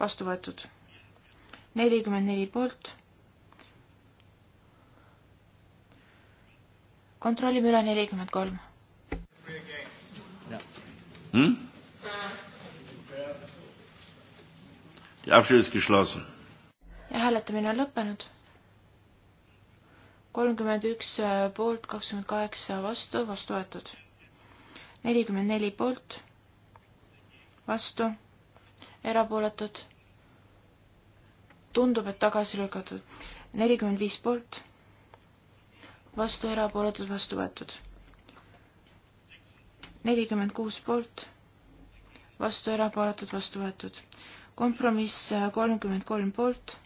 vastu võetud. nelikümmend neli poolt. kontrollime üle nelikümmend kolm. Hmm? ja hääletamine on lõppenud. kolmkümmend üks äh, poolt, kakskümmend kaheksa vastu, vastu võetud. nelikümmend neli poolt, vastu, erapooletud. tundub, et tagasi lükatud. nelikümmend viis poolt, vastu, erapooletud, vastu võetud. nelikümmend kuus poolt, vastu, erapooletud, vastu võetud kompromiss äh, kolmkümmend kolm poolt,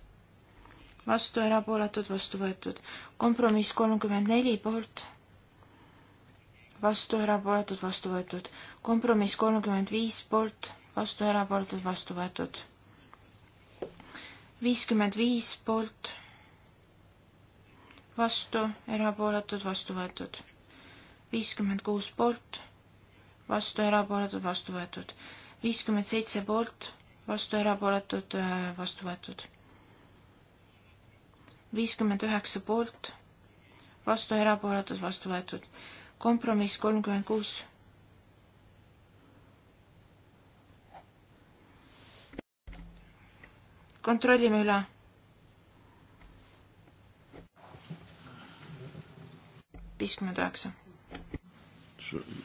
vastu erapooletud, vastu võetud. kompromiss kolmkümmend neli poolt, vastu erapooletud, vastu võetud. kompromiss kolmkümmend viis poolt, vastu erapooletud, vastu võetud. viiskümmend viis poolt, vastu erapooletud, vastu võetud. viiskümmend kuus poolt, vastu erapooletud, vastu võetud. viiskümmend seitse poolt vastu erapooletud, äh, vastu võetud. viiskümmend üheksa poolt, vastu erapooletud, vastu võetud. kompromiss kolmkümmend kuus. kontrollime üle. viiskümmend üheksa.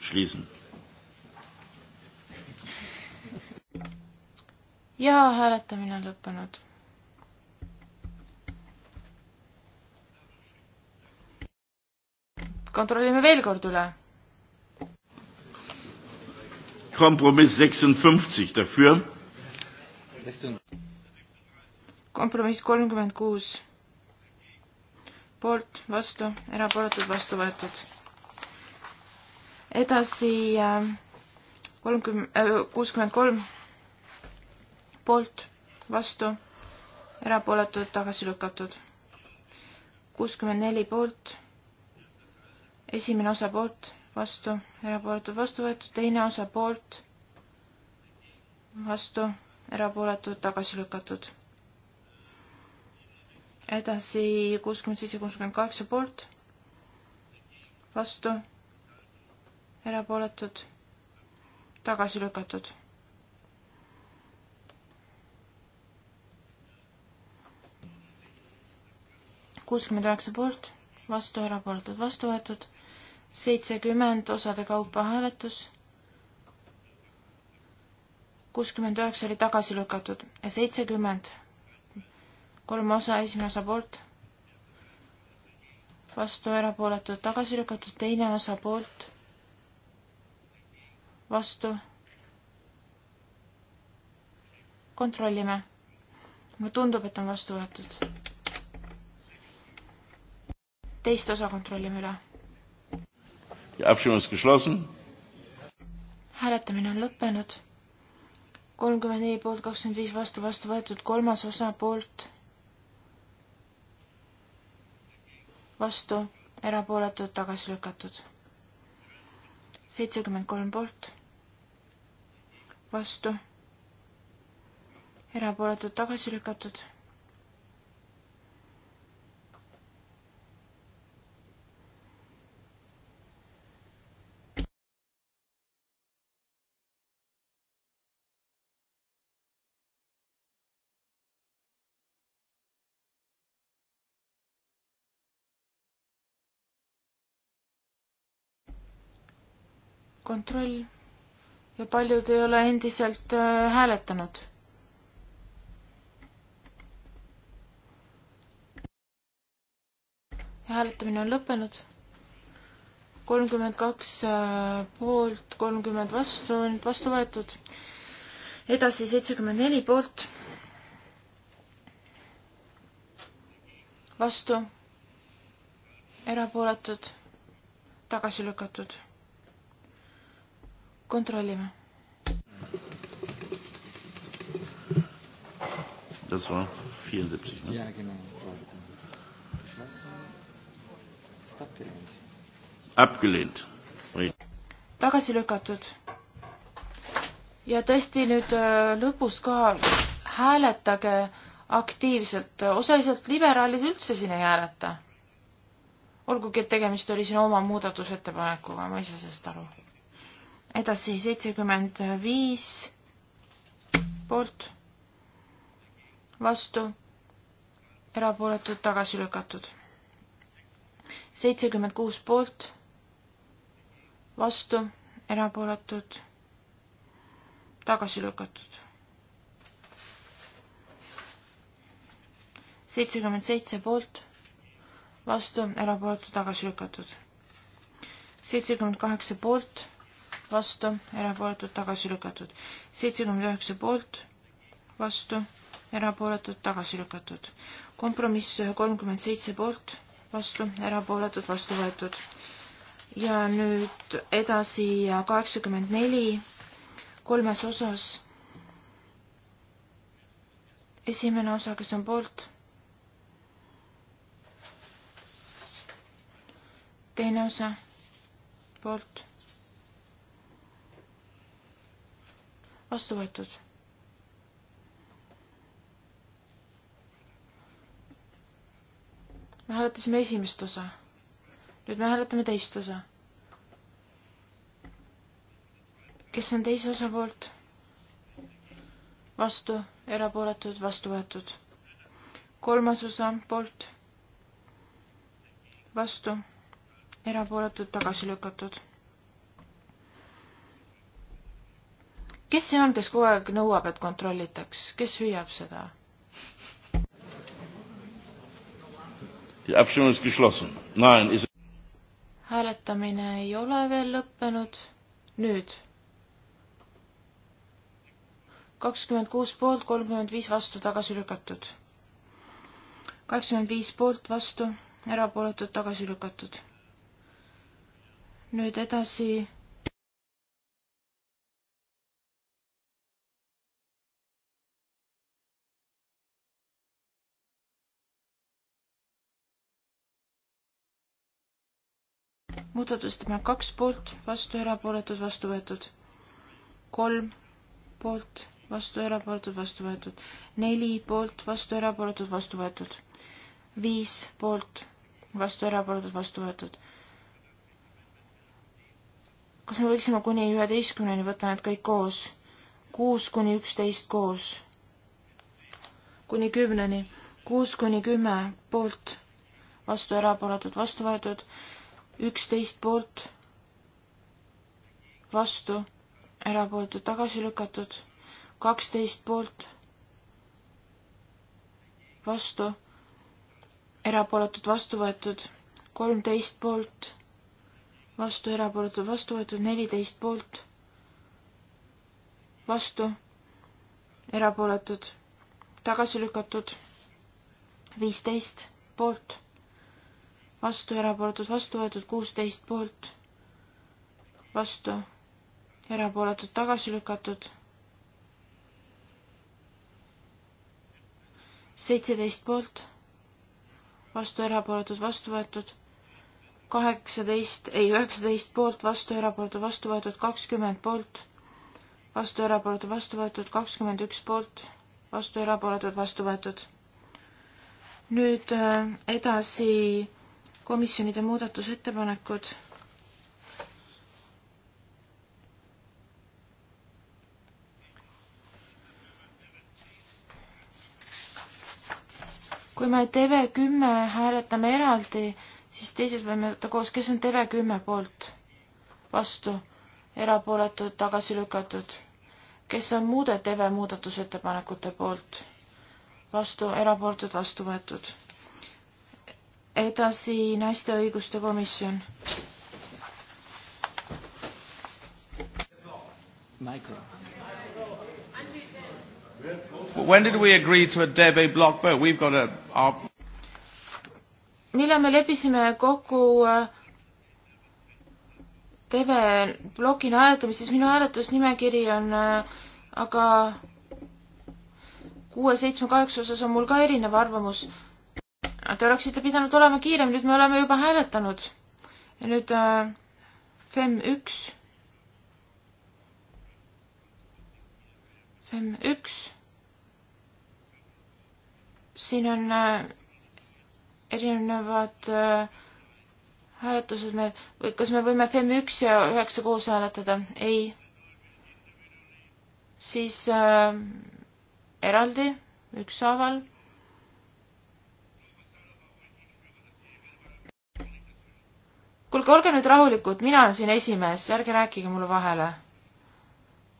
Schließen. ja hääletamine on lõppenud. kontrollime veel kord üle. kompromiss seitsekümmend dafür. kompromiss kolmkümmend kuus. poolt, vastu, erapooletud, vastu võetud. edasi äh, kolmkümmend, äh, kuuskümmend kolm poolt, vastu, erapooletud, tagasi lükatud. kuuskümmend neli poolt, esimene osa poolt, vastu, erapooletud, vastu võetud, teine osa poolt, vastu, erapooletud, tagasi lükatud. edasi kuuskümmend seitse, kuuskümmend kaheksa poolt, vastu, erapooletud, tagasi lükatud kuuskümmend üheksa poolt, vastu, erapooletud, vastu võetud, seitsekümmend osade kaupa hääletus, kuuskümmend üheksa oli tagasi lükatud ja seitsekümmend, kolm osa, esimene osa poolt, vastu, erapooletud, tagasi lükatud, teine osa poolt, vastu, kontrollime mulle tundub, et on vastu võetud teist osa kontrollime üle. hääletamine on lõppenud. kolmkümmend neli poolt, kakskümmend viis vastu, vastu võetud, kolmas osa poolt. vastu, erapooletud, tagasi lükatud. seitsekümmend kolm poolt. vastu, erapooletud, tagasi lükatud kontroll ja paljud ei ole endiselt äh, hääletanud. hääletamine on lõppenud. kolmkümmend kaks äh, poolt, kolmkümmend vastu, nüüd vastu võetud. edasi seitsekümmend neli poolt. vastu, erapooletud, tagasi lükatud kontrollime. Das war 74, ne? Ja, genau. Abgelehnt. tagasi lükatud. ja tõesti nüüd äh, lõpus ka hääletage aktiivselt, osaliselt liberaalid üldse siin ei hääleta. olgugi, et tegemist oli sinu oma muudatusettepanekuga, ma ei saa sellest aru edasi seitsekümmend viis poolt, vastu, erapooletud, tagasi lükatud. seitsekümmend kuus poolt, vastu, erapooletud, tagasi lükatud. seitsekümmend seitse poolt, vastu, erapooletu, tagasi lükatud. seitsekümmend kaheksa poolt vastu, erapooletud, tagasi lükatud. seitsekümmend üheksa poolt, vastu, erapooletud, tagasi lükatud. kompromiss kolmkümmend seitse poolt, vastu, erapooletud, vastu võetud. ja nüüd edasi kaheksakümmend neli, kolmes osas. esimene osa, kes on poolt. teine osa, poolt vastu võetud. me hääletasime esimest osa. nüüd me hääletame teist osa. kes on teise osa poolt? vastu, erapooletud, vastu võetud. kolmas osa poolt, vastu, erapooletud, tagasi lükatud kes see on, kes kogu aeg nõuab, et kontrollitaks, kes hüüab seda? hääletamine ei ole veel lõppenud. nüüd. kakskümmend kuus poolt, kolmkümmend viis vastu, tagasi lükatud. kaheksakümmend viis poolt, vastu, erapooletud, tagasi lükatud. nüüd edasi muudatusettepanek kaks poolt, vastu, erapooletud, vastu võetud. kolm poolt, vastu, erapooletud, vastu võetud. neli poolt, vastu, erapooletud, vastu võetud. viis poolt, vastu, erapooletud, vastu võetud. kas me võiksime kuni üheteistkümneni võtta need kõik koos? kuus kuni üksteist koos. kuni kümneni. kuus kuni kümme poolt, vastu, erapooletud, vastu võetud üksteist poolt, vastu, erapooletud tagasi lükatud, kaksteist poolt, vastu, erapooletud vastu võetud, kolmteist poolt, vastu, erapooletud vastu võetud, neliteist poolt, vastu, erapooletud tagasi lükatud, viisteist poolt vastu, erapooletud, vastu võetud kuusteist poolt, vastu, erapooletud, tagasi lükatud. seitseteist poolt, vastu, erapooletud, vastu võetud, kaheksateist, ei, üheksateist poolt, vastu, erapooletud, vastu võetud, kakskümmend poolt, vastu, erapooletud, vastu võetud, kakskümmend üks poolt, vastu, erapooletud, vastu võetud. nüüd äh, edasi komisjonide muudatusettepanekud. kui me TV10 hääletame eraldi, siis teised võime võtta koos, kes on TV10 poolt, vastu, erapooletud, tagasi lükatud, kes on muude TV muudatusettepanekute poolt, vastu, erapooletud, vastu võetud edasi naiste õiguste komisjon. When did we agree to a debate block vote? We've got a our... millal me leppisime kokku TV äh, blokina hääletamises, minu hääletusnimekiri on äh, aga kuue, seitsme, kaheksa osas on mul ka erinev arvamus Te oleksite pidanud olema kiirem, nüüd me oleme juba hääletanud. ja nüüd äh, FEM üks. FEM üks. siin on äh, erinevad äh, hääletused meil, kas me võime FEM üks ja üheksa koos hääletada? ei. siis äh, eraldi, ükshaaval kuulge, olge nüüd rahulikud, mina olen siin esimees, ärge rääkige mulle vahele.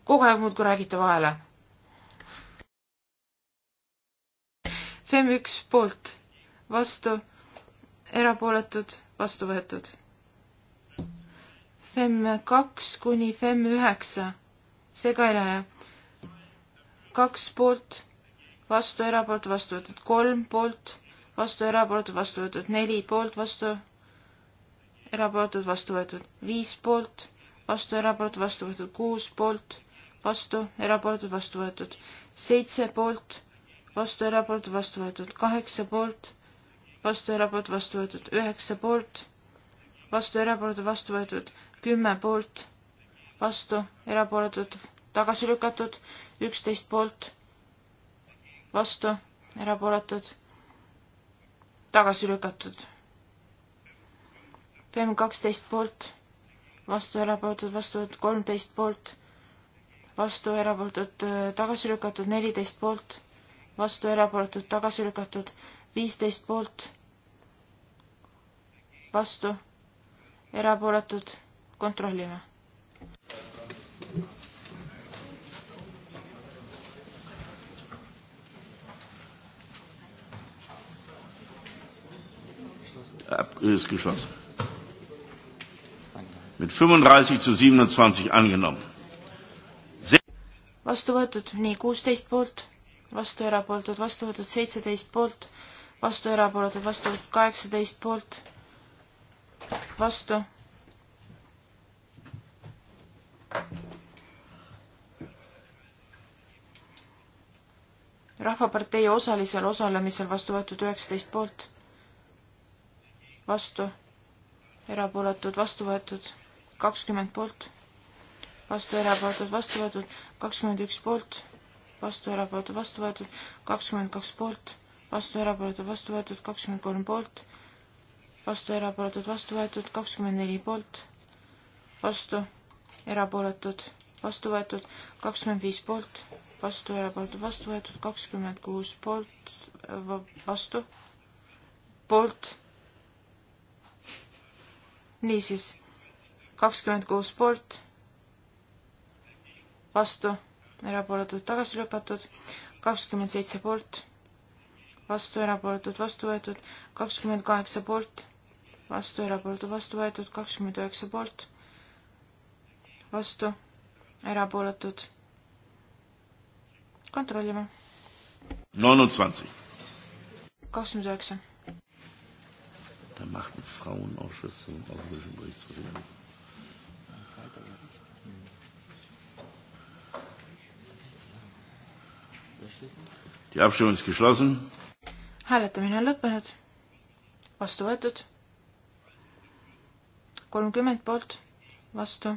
kogu aeg muudkui räägite vahele. FEM üks poolt, vastu, erapooletud, vastu võetud. FEM kaks kuni FEM üheksa, see ka ei lähe. kaks poolt, vastu, erapoolt, vastu võetud, kolm poolt, vastu, erapoolt, vastu võetud, neli poolt, vastu erapooletud, vastu võetud viis poolt, vastu erapooletud, vastu võetud kuus poolt, vastu erapooletud, vastu võetud seitse poolt, vastu erapooletud, vastu võetud kaheksa poolt, vastu erapooletud, vastu võetud üheksa poolt, vastu erapooletud, vastu võetud kümme poolt, vastu erapooletud, tagasi lükatud üksteist poolt, vastu erapooletud, tagasi lükatud peame kaksteist poolt, vastu erapooletud, vastu võetud kolmteist poolt, vastu erapooletud, tagasi lükatud neliteist poolt, vastu erapooletud, tagasi lükatud viisteist poolt, vastu erapooletud, kontrollime äh, ist geschlossen mit 35 zu 27 angenommen. vastu võetud nii kuusteist poolt, vastu erapooletud, vastu võetud seitseteist poolt, vastu erapooletud, vastu võetud kaheksateist poolt, vastu. rahvapartei osalisel osalemisel vastu võetud üheksateist poolt, vastu, erapooletud, vastu võetud kakskümmend poolt, vastu erapooletud, vastu võetud, kakskümmend üks poolt, vastu erapooletud, vastu võetud, kakskümmend kaks poolt, vastu erapooletud, vastu võetud, kakskümmend kolm poolt, vastu erapooletud, vastu võetud, kakskümmend neli poolt, vastu erapooletud, vastu võetud, kakskümmend viis poolt, vastu erapooletud, vastu võetud, kakskümmend kuus poolt, vastu, poolt niisiis, kakskümmend kuus poolt, vastu, erapooletud, tagasi lükatud, kakskümmend seitse poolt, vastu, erapooletud, vastu võetud, kakskümmend kaheksa poolt, vastu, erapooletud, vastu võetud, kakskümmend üheksa poolt, vastu, erapooletud. kontrollime. kakskümmend üheksa. Da macht ein Frauenausschuss zum Auslöschungsbericht zu reden. Die Abstimmung ist geschlossen. hääletamine on lõppenud. vastu võetud. kolmkümmend poolt, vastu,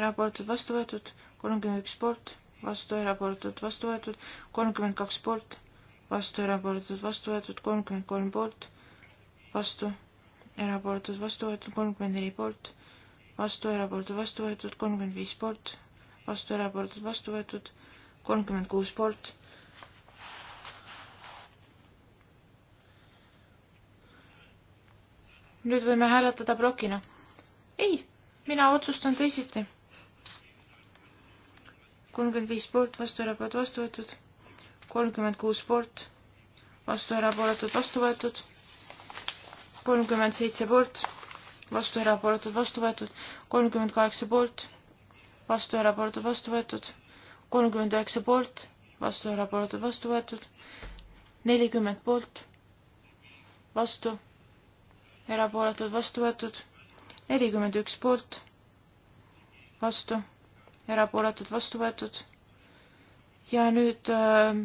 erapooletud, vastu võetud, kolmkümmend üks poolt, vastu, erapooletud, vastu võetud, kolmkümmend kaks poolt, vastu, erapooletud, vastu võetud, kolmkümmend kolm poolt, vastu, erapooletud, vastu võetud, kolmkümmend neli poolt, vastu, erapooletud, vastu võetud, kolmkümmend viis poolt, vastu, erapooletud, vastu võetud, kolmkümmend kuus poolt. nüüd võime hääletada plokina. ei, mina otsustan teisiti. kolmkümmend viis poolt, vastu erapooletud, vastu võetud. kolmkümmend kuus poolt, vastu erapooletud, vastu võetud. kolmkümmend seitse poolt, vastu erapooletud, vastu võetud. kolmkümmend kaheksa poolt, vastu erapooletud, vastu võetud kolmkümmend üheksa poolt, vastu erapooletud, vastu võetud, nelikümmend poolt, vastu, erapooletud, vastu võetud, nelikümmend üks poolt, vastu, erapooletud, vastu võetud. ja nüüd äh,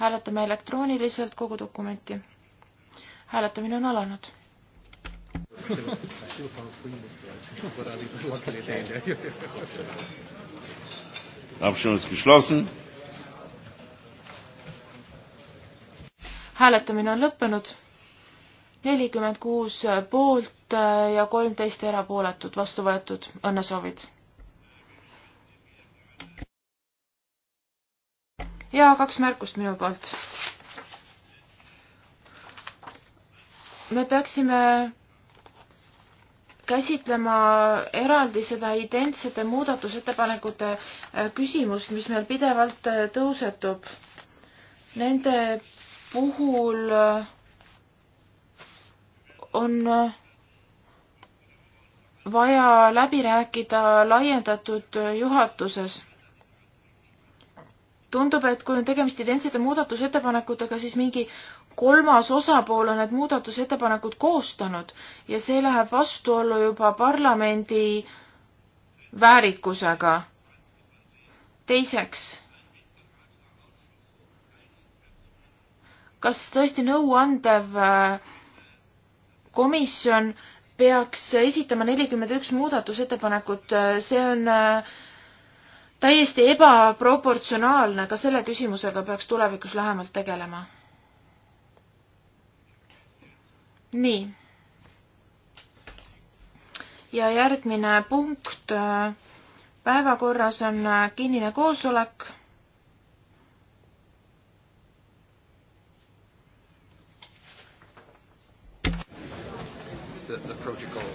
hääletame elektrooniliselt kogu dokumenti. hääletamine on alanud. Abstimmung ist geschlossen. hääletamine on lõppenud. nelikümmend kuus poolt äh, ja kolmteist erapooletut vastu võetud õnnesoovid. ja kaks märkust minu poolt. me peaksime käsitlema eraldi seda identsete muudatusettepanekute äh, küsimust, mis meil pidevalt äh, tõusetub. Nende puhul äh, on vaja läbi rääkida laiendatud juhatuses. tundub, et kui on tegemist identsete muudatusettepanekutega, siis mingi kolmas osapool on need muudatusettepanekud koostanud ja see läheb vastuollu juba parlamendi väärikusega. teiseks, kas tõesti nõuandev äh, komisjon peaks esitama nelikümmend üks muudatusettepanekut, äh, see on äh, täiesti ebaproportsionaalne, ka selle küsimusega peaks tulevikus lähemalt tegelema nii. ja järgmine punkt äh, päevakorras on äh, kinnine koosolek. The, the protocol.